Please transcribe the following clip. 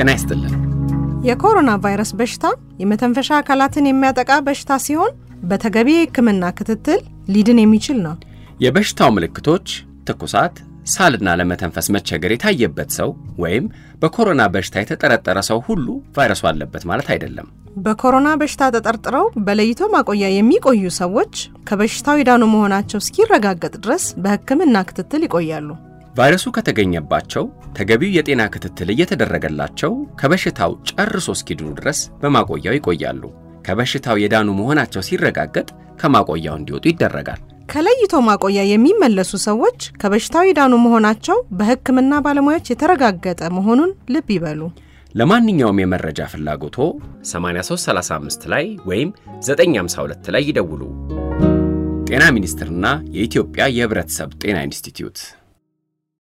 ጤና ይስጥልን። የኮሮና ቫይረስ በሽታ የመተንፈሻ አካላትን የሚያጠቃ በሽታ ሲሆን በተገቢ የሕክምና ክትትል ሊድን የሚችል ነው። የበሽታው ምልክቶች ትኩሳት፣ ሳልና ለመተንፈስ መቸገር የታየበት ሰው ወይም በኮሮና በሽታ የተጠረጠረ ሰው ሁሉ ቫይረሱ አለበት ማለት አይደለም። በኮሮና በሽታ ተጠርጥረው በለይቶ ማቆያ የሚቆዩ ሰዎች ከበሽታው የዳኑ መሆናቸው እስኪረጋገጥ ድረስ በሕክምና ክትትል ይቆያሉ። ቫይረሱ ከተገኘባቸው ተገቢው የጤና ክትትል እየተደረገላቸው ከበሽታው ጨርሶ እስኪድኑ ድረስ በማቆያው ይቆያሉ። ከበሽታው የዳኑ መሆናቸው ሲረጋገጥ ከማቆያው እንዲወጡ ይደረጋል። ከለይቶ ማቆያ የሚመለሱ ሰዎች ከበሽታው የዳኑ መሆናቸው በሕክምና ባለሙያዎች የተረጋገጠ መሆኑን ልብ ይበሉ። ለማንኛውም የመረጃ ፍላጎቶ 8335 ላይ ወይም 952 ላይ ይደውሉ። ጤና ሚኒስቴርና የኢትዮጵያ የሕብረተሰብ ጤና ኢንስቲትዩት